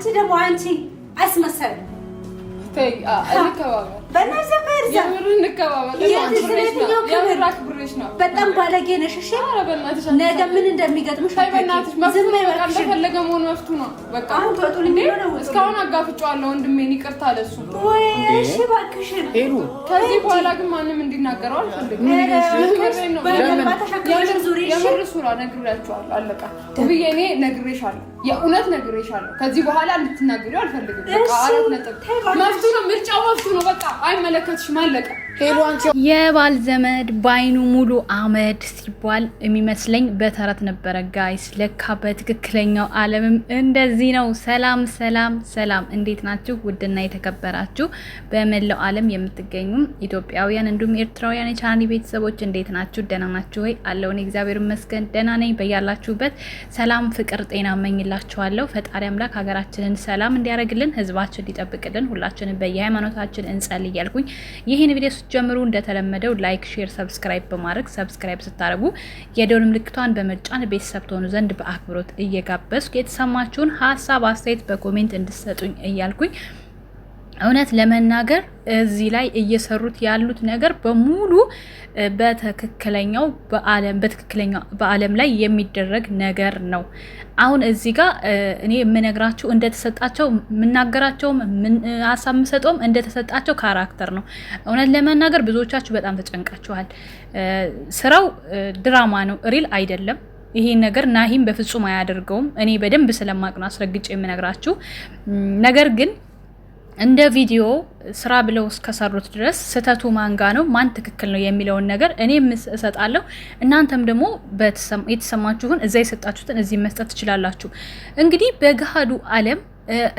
አንቺ ደግሞ አንቺ አስመሰል በጣም ባለጌ ነሽ። እሺ ነገ ምን እንደሚገጥምሽ ዝም መፍቱ ነው። በቃ እስካሁን አጋፍጫዋለሁ ወንድሜን፣ ይቅርታ ለሱ። እሺ እባክሽን፣ ከዚህ በኋላ ግን ማንም እንዲናገረው አልፈልግም። አለቃ የእውነት ከዚህ በኋላ እንድትናገሪው አልፈልግም። በቃ ነጥብ። መፍቱ ነው፣ ምርጫው መፍቱ ነው። በቃ አይመለከትሽም፣ አለቀ። የባል ዘመድ በአይኑ ሙሉ አመድ ሲባል የሚመስለኝ በተረት ነበረ። ጋይስ ለካ በትክክለኛው ዓለምም እንደዚህ ነው። ሰላም ሰላም ሰላም፣ እንዴት ናችሁ? ውድና የተከበራችሁ በመላው ዓለም የምትገኙ ኢትዮጵያውያን እንዲሁም ኤርትራውያን የቻናሌ ቤተሰቦች እንዴት ናችሁ? ደህና ናችሁ ወይ? አለውን እግዚአብሔር ይመስገን ደህና ነኝ። በያላችሁበት ሰላም፣ ፍቅር፣ ጤና እመኝላችኋለሁ። ፈጣሪ አምላክ ሀገራችንን ሰላም እንዲያደርግልን፣ ህዝባችን ሊጠብቅልን፣ ሁላችንን በየሃይማኖታችን እንጸል እያልኩኝ ይህን ቪዲዮ ጀምሩ። እንደተለመደው ላይክ፣ ሼር፣ ሰብስክራይብ በማድረግ ሰብስክራይብ ስታደርጉ የደውል ምልክቷን በመጫን ቤተሰብ ትሆኑ ዘንድ በአክብሮት እየጋበዝኩ የተሰማችሁን ሀሳብ አስተያየት በኮሜንት እንድሰጡኝ እያልኩኝ እውነት ለመናገር እዚህ ላይ እየሰሩት ያሉት ነገር በሙሉ በትክክለኛው በዓለም በትክክለኛው በዓለም ላይ የሚደረግ ነገር ነው። አሁን እዚህ ጋር እኔ የምነግራቸው እንደተሰጣቸው የምናገራቸውም ሀሳብ የምሰጠውም እንደተሰጣቸው ካራክተር ነው። እውነት ለመናገር ብዙዎቻችሁ በጣም ተጨንቃችኋል። ስራው ድራማ ነው፣ ሪል አይደለም። ይሄን ነገር ናሂም በፍጹም አያደርገውም። እኔ በደንብ ስለማቅ ነው አስረግጬ የምነግራችሁ ነገር ግን እንደ ቪዲዮ ስራ ብለው እስከሰሩት ድረስ ስህተቱ ማንጋ ነው ማን ትክክል ነው የሚለውን ነገር እኔም እሰጣለሁ። እናንተም ደግሞ የተሰማችሁን እዛ የሰጣችሁትን እዚህ መስጠት ትችላላችሁ። እንግዲህ በገሃዱ አለም?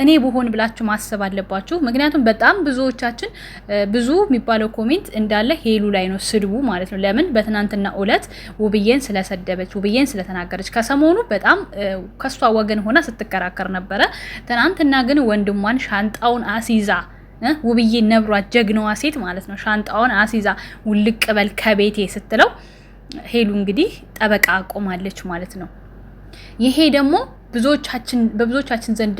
እኔ ብሆን ብላችሁ ማሰብ አለባችሁ። ምክንያቱም በጣም ብዙዎቻችን ብዙ የሚባለው ኮሜንት እንዳለ ሄሉ ላይ ነው ስድቡ ማለት ነው። ለምን በትናንትና እለት ውብዬን ስለሰደበች ውብዬን ስለተናገረች ከሰሞኑ በጣም ከሷ ወገን ሆና ስትከራከር ነበረ። ትናንትና ግን ወንድሟን ሻንጣውን አስይዛ ውብዬ ነብሯት ጀግናዋ ሴት ማለት ነው። ሻንጣውን አስይዛ ውልቅ በል ከቤቴ ስትለው ሄሉ እንግዲህ ጠበቃ አቆማለች ማለት ነው። ይሄ ደግሞ ብዙዎቻችን በብዙዎቻችን ዘንድ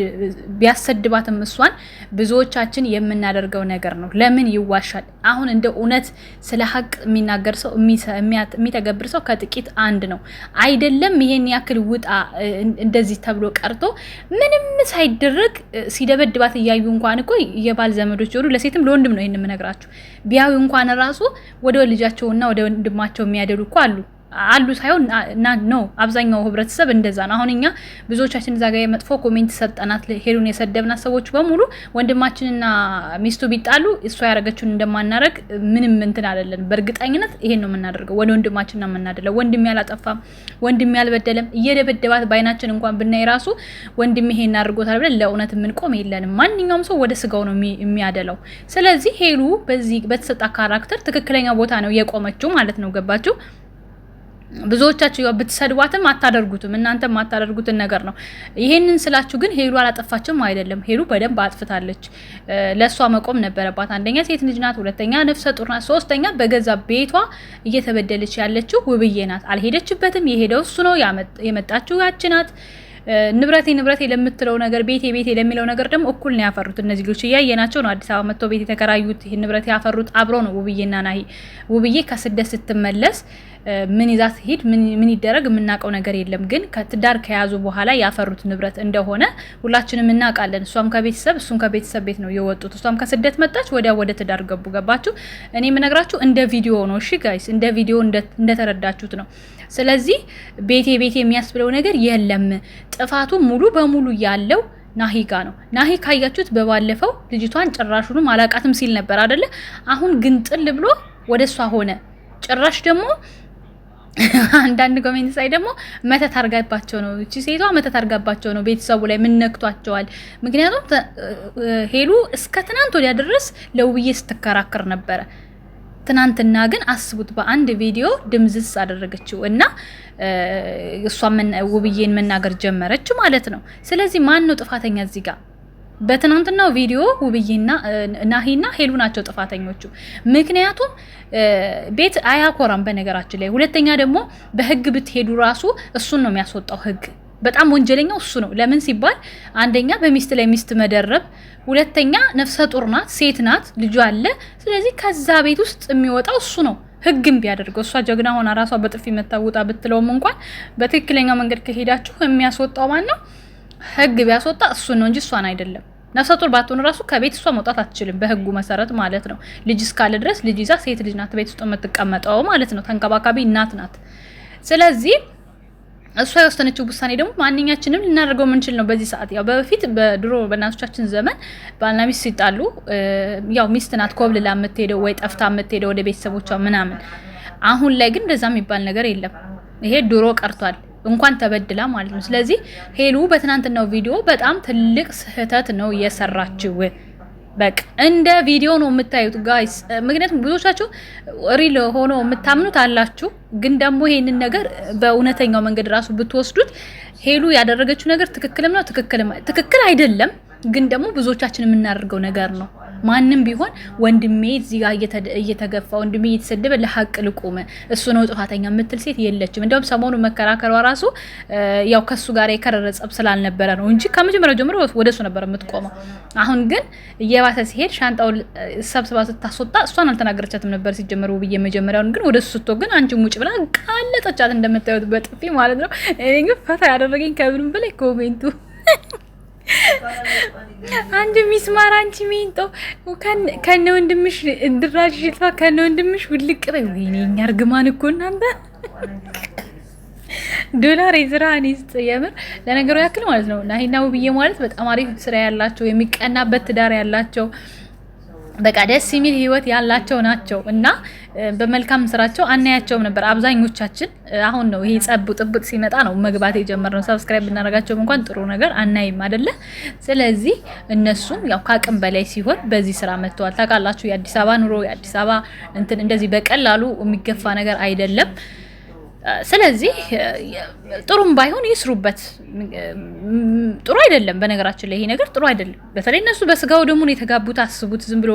ቢያሰድባትም እሷን ብዙዎቻችን የምናደርገው ነገር ነው። ለምን ይዋሻል? አሁን እንደ እውነት ስለ ሀቅ የሚናገር ሰው የሚተገብር ሰው ከጥቂት አንድ ነው። አይደለም ይሄን ያክል ውጣ እንደዚህ ተብሎ ቀርቶ ምንም ሳይደረግ ሲደበድባት እያዩ እንኳን እኮ የባል ዘመዶች ሆኑ ለሴትም ለወንድም ነው ይህን የምነግራችሁ ቢያዩ እንኳን ራሱ ወደ ልጃቸውና ወደ ወንድማቸው የሚያደሉ እኮ አሉ። አሉ ሳይሆን ና ነው አብዛኛው ህብረተሰብ እንደዛ ነው። አሁን እኛ ብዙዎቻችን እዛ ጋር የመጥፎ ኮሜንት ሰጠናት ሄዱን የሰደብናት ሰዎች በሙሉ ወንድማችንና ሚስቱ ቢጣሉ እሷ ያደረገችውን እንደማናረግ ምንም እንትን አለለን። በእርግጠኝነት ይሄን ነው የምናደርገው። ወደ ወንድማችን ነው የምናደለው። ወንድሜ አላጠፋም፣ ወንድሜ አልበደለም፣ እየደበደባት በአይናችን እንኳን ብናይ ራሱ ወንድሜ ይሄን አድርጎታል ብለን ለእውነት የምንቆም የለንም። ማንኛውም ሰው ወደ ስጋው ነው የሚያደለው። ስለዚህ ሄሉ በዚህ በተሰጣ ካራክተር ትክክለኛ ቦታ ነው የቆመችው ማለት ነው። ገባችሁ? ብዙዎቻችሁ ያው ብትሰድቧትም አታደርጉትም እናንተም አታደርጉትን ነገር ነው። ይሄንን ስላችሁ ግን ሄሉ አላጠፋችም አይደለም። ሄሉ በደንብ አጥፍታለች። ለእሷ መቆም ነበረባት። አንደኛ ሴት ልጅ ናት፣ ሁለተኛ ነፍሰ ጡር ናት፣ ሶስተኛ በገዛ ቤቷ እየተበደለች ያለችው ውብዬ ናት። አልሄደችበትም። የሄደው እሱ ነው፣ የመጣችው ያች ናት። ንብረቴ ንብረቴ ለምትለው ነገር ቤቴ ቤቴ ለሚለው ነገር ደግሞ እኩል ነው ያፈሩት እነዚህ ልጆች። እያየናቸው ነው። አዲስ አበባ መጥቶ ቤት የተከራዩት ይህን ንብረት ያፈሩት አብሮ ነው። ውብዬና ናሂ ውብዬ ከስደት ስትመለስ ምን ይዛ ስትሄድ ምን ይደረግ የምናውቀው ነገር የለም። ግን ከትዳር ከያዙ በኋላ ያፈሩት ንብረት እንደሆነ ሁላችንም እናውቃለን። እሷም ከቤተሰብ እሱም ከቤተሰብ ቤት ነው የወጡት። እሷም ከስደት መጣች፣ ወዲያ ወደ ትዳር ገቡ። ገባችሁ? እኔ የምነግራችሁ እንደ ቪዲዮ ነው። እሺ ጋይስ፣ እንደ ቪዲዮ እንደተረዳችሁት ነው። ስለዚህ ቤቴ ቤቴ የሚያስብለው ነገር የለም። ጥፋቱ ሙሉ በሙሉ ያለው ናሂ ጋ ነው። ናሂ ካያችሁት በባለፈው ልጅቷን ጭራሹንም አላቃትም ሲል ነበር አደለ? አሁን ግን ጥል ብሎ ወደ እሷ ሆነ። ጭራሽ ደግሞ አንዳንድ ኮሜንት ሳይ ደግሞ መተት አርጋባቸው ነው እቺ ሴቷ መተት አርጋባቸው ነው። ቤተሰቡ ላይ ምነክቷቸዋል። ምክንያቱም ሄሉ እስከ ትናንት ወዲያ ድረስ ለውብዬ ስትከራከር ነበረ። ትናንትና ግን አስቡት በአንድ ቪዲዮ ድምዝስ አደረገችው እና እሷ ውብዬን መናገር ጀመረች ማለት ነው። ስለዚህ ማን ነው ጥፋተኛ እዚህ ጋር? በትናንትናው ቪዲዮ ውብዬና ናሂና ሄሉ ናቸው ጥፋተኞቹ። ምክንያቱም ቤት አያኮራም በነገራችን ላይ። ሁለተኛ ደግሞ በህግ ብትሄዱ ራሱ እሱን ነው የሚያስወጣው ህግ በጣም ወንጀለኛው እሱ ነው። ለምን ሲባል አንደኛ በሚስት ላይ ሚስት መደረብ፣ ሁለተኛ ነፍሰ ጡር ናት፣ ሴት ናት፣ ልጁ አለ። ስለዚህ ከዛ ቤት ውስጥ የሚወጣው እሱ ነው። ህግም ቢያደርገው እሷ ጀግና ሆና ራሷ በጥፊ መታወጣ ብትለውም እንኳን በትክክለኛው መንገድ ከሄዳችሁ የሚያስወጣው ማን ነው? ህግ ቢያስወጣ እሱን ነው እንጂ እሷን አይደለም። ነፍሰ ጡር ባትሆን ራሱ ከቤት እሷ መውጣት አትችልም፣ በህጉ መሰረት ማለት ነው። ልጅ እስካለ ድረስ ልጅ ይዛ ሴት ልጅ ናት ቤት ውስጥ የምትቀመጠው ማለት ነው። ተንከባካቢ እናት ናት። ስለዚህ እሷ የወሰነችው ውሳኔ ደግሞ ማንኛችንም ልናደርገው የምንችል ነው። በዚህ ሰዓት ያው በፊት በድሮ በእናቶቻችን ዘመን ባልና ሚስት ሲጣሉ ያው ሚስት ናት ኮብልላ የምትሄደው ወይ ጠፍታ የምትሄደው ወደ ቤተሰቦቿ ምናምን። አሁን ላይ ግን እንደዛ የሚባል ነገር የለም። ይሄ ድሮ ቀርቷል፣ እንኳን ተበድላ ማለት ነው። ስለዚህ ሄሉ በትናንትናው ቪዲዮ በጣም ትልቅ ስህተት ነው የሰራችው። በቃ እንደ ቪዲዮ ነው የምታዩት ጋይስ። ምክንያቱም ብዙዎቻችሁ ሪል ሆኖ የምታምኑት አላችሁ፣ ግን ደግሞ ይሄንን ነገር በእውነተኛው መንገድ ራሱ ብትወስዱት ሄሉ ያደረገችው ነገር ትክክልም ነው፣ ትክክልም ትክክል አይደለም፣ ግን ደግሞ ብዙዎቻችን የምናደርገው ነገር ነው። ማንም ቢሆን ወንድሜ እዚህ ጋር እየተገፋ ወንድሜ እየተሰደበ ለሀቅ ልቁም እሱ ነው ጥፋተኛ የምትል ሴት የለችም። እንዲሁም ሰሞኑ መከራከሯ ራሱ ያው ከሱ ጋር የከረረ ጸብ ስላልነበረ ነው እንጂ ከመጀመሪያው ጀምሮ ወደ እሱ ነበር የምትቆመው። አሁን ግን እየባሰ ሲሄድ ሻንጣውን ሰብስባ ስታስወጣ እሷን አልተናገረቻትም ነበር ሲጀመር ውብዬ። መጀመሪያውን ግን ወደ እሱ ስትወ ግን አንቺ ሙጭ ብላ ቃለጠቻት እንደምታዩት በጥፊ ማለት ነው። እኔ ግን ፈታ ያደረገኝ ከምንም በላይ ኮሜንቱ አንድ ሚስማር አንቺ ሚንጦ ከነ ወንድምሽ እድራሽ ሽጥፋ ከነ ወንድምሽ ውልቅ ነው። ወይኔ እኛ እርግማን እኮ እናንተ ዶላር የስራ እኔ ስጥ የምር ለነገሩ ያክል ማለት ነው ናሂና ውብዬ ማለት በጣም አሪፍ ስራ ያላቸው የሚቀናበት ትዳር ያላቸው በቃ ደስ የሚል ህይወት ያላቸው ናቸው እና በመልካም ስራቸው አናያቸውም ነበር አብዛኞቻችን። አሁን ነው ይሄ ጸቡ ጥብቅ ሲመጣ ነው መግባት የጀመርነው። ሰብስክራይብ ብናደርጋቸውም እንኳን ጥሩ ነገር አናይም አይደለ? ስለዚህ እነሱም ያው ከአቅም በላይ ሲሆን በዚህ ስራ መጥተዋል። ታውቃላችሁ፣ የአዲስ አበባ ኑሮ የአዲስ አበባ እንትን እንደዚህ በቀላሉ የሚገፋ ነገር አይደለም። ስለዚህ ጥሩም ባይሆን ይስሩበት። ጥሩ አይደለም። በነገራችን ላይ ይሄ ነገር ጥሩ አይደለም። በተለይ እነሱ በስጋው ደሙን የተጋቡት አስቡት። ዝም ብሎ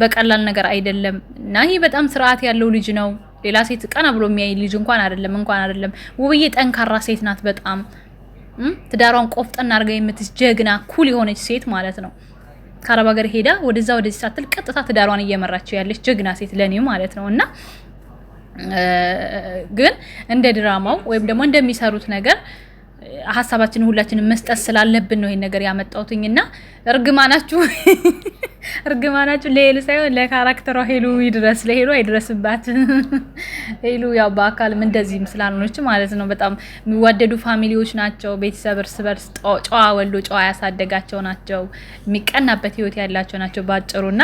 በቀላል ነገር አይደለም እና ይህ በጣም ስርዓት ያለው ልጅ ነው። ሌላ ሴት ቀና ብሎ የሚያይ ልጅ እንኳን አይደለም እንኳን አይደለም። ውብዬ ጠንካራ ሴት ናት። በጣም ትዳሯን ቆፍጠና አድርጋ የምትስ ጀግና ኩል የሆነች ሴት ማለት ነው። ከአረብ ሀገር ሄዳ ወደዛ ወደዚህ ሳትል ቀጥታ ትዳሯን እየመራቸው ያለች ጀግና ሴት ለኔ ማለት ነው እና ግን እንደ ድራማው ወይም ደግሞ እንደሚሰሩት ነገር ሀሳባችንን ሁላችንም መስጠት ስላለብን ነው ይሄን ነገር ያመጣሁትኝ እና እርግማናችሁ እርግማናችሁ ለሄሉ ሳይሆን ለካራክተሯ ሄሉ ይድረስ፣ ለሄሉ አይድረስባት። ሄሉ ያው በአካልም እንደዚህም ስላልሆነች ማለት ነው። በጣም የሚዋደዱ ፋሚሊዎች ናቸው። ቤተሰብ እርስ በርስ ጨዋ ወልዶ ጨዋ ያሳደጋቸው ናቸው። የሚቀናበት ህይወት ያላቸው ናቸው ባጭሩ። እና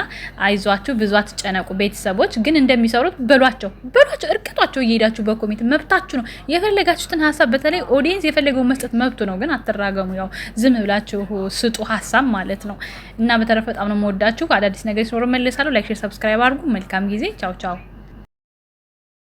አይዟችሁ፣ ብዙ አትጨነቁ። ቤተሰቦች ግን እንደሚሰሩት በሏቸው፣ በሏቸው፣ እርቅጧቸው እየሄዳችሁ በኮሚቴ መብታችሁ ነው። የፈለጋችሁትን ሀሳብ በተለይ ኦዲየንስ የፈለገው መስጠት መብቱ ነው። ግን አትራገሙ። ያው ዝም ብላችሁ ስጡ ሀሳብ ማለት ነው። እና በተረፈ በጣም ነው የምወዳችሁ ከወደዳችሁ አዳዲስ ነገር ሲኖር መለሳለሁ። ላይክ፣ ሼር፣ ሰብስክራይብ አድርጉ። መልካም ጊዜ። ቻው ቻው።